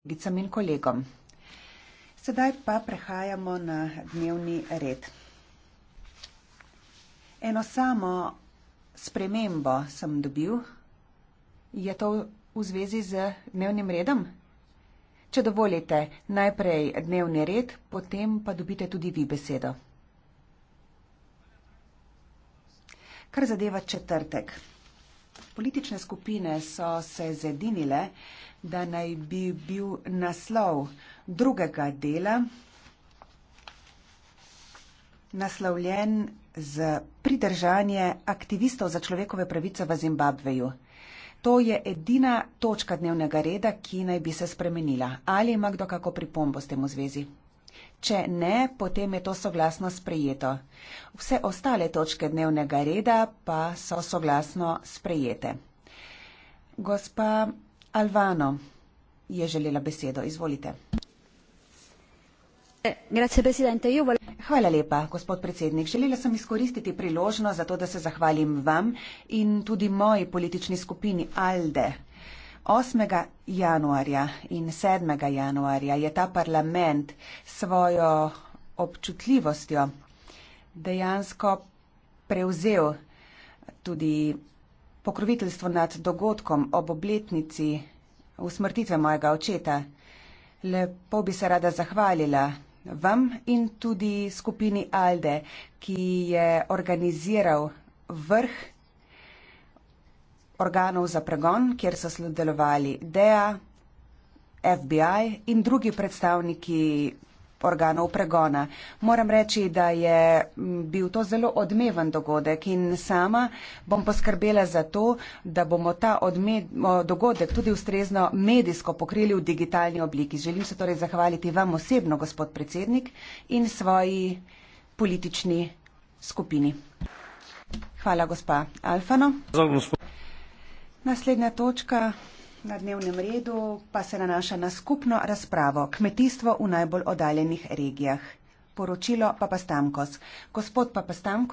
kolegicam in kolegom. Sedaj pa prehajamo na dnevni red. Eno samo spremembo sem dobil, je to v zvezi z dnevnim redom? Če dovolite, najprej dnevni red, potem pa dobite tudi vi besedo. Kar zadeva četrtek. Politične skupine so se zedinile, da naj bi bil naslov drugega dela naslovljen z pridržanje aktivistov za človekove pravice v Zimbabveju. To je edina točka dnevnega reda, ki naj bi se spremenila. Ali ima kdo kako pripombo s tem v zvezi? Če ne, potem je to soglasno sprejeto. Vse ostale točke dnevnega reda pa so soglasno sprejete. Gospa Alvano je želela besedo. Izvolite. Eh, Hvala lepa, gospod predsednik. Želela sem izkoristiti priložnost za to, da se zahvalim vam in tudi moji politični skupini ALDE. 8. januarja in 7. januarja je ta parlament svojo občutljivostjo dejansko prevzel tudi pokroviteljstvo nad dogodkom ob obletnici usmrtitve mojega očeta. Lepo bi se rada zahvalila vam in tudi skupini Alde, ki je organiziral vrh organov za pregon, kjer so sodelovali DEA, FBI in drugi predstavniki organov pregona. Moram reči, da je bil to zelo odmeven dogodek in sama bom poskrbela za to, da bomo ta dogodek tudi ustrezno medijsko pokrili v digitalni obliki. Želim se torej zahvaliti vam osebno, gospod predsednik, in svoji politični skupini. Hvala, gospa Alfano. Zdaj, gospod. Naslednja točka na dnevnem redu pa se nanaša na skupno razpravo kmetijstvo v najbolj oddaljenih regijah. Poročilo Papastamkos. Gospod Papastamkos,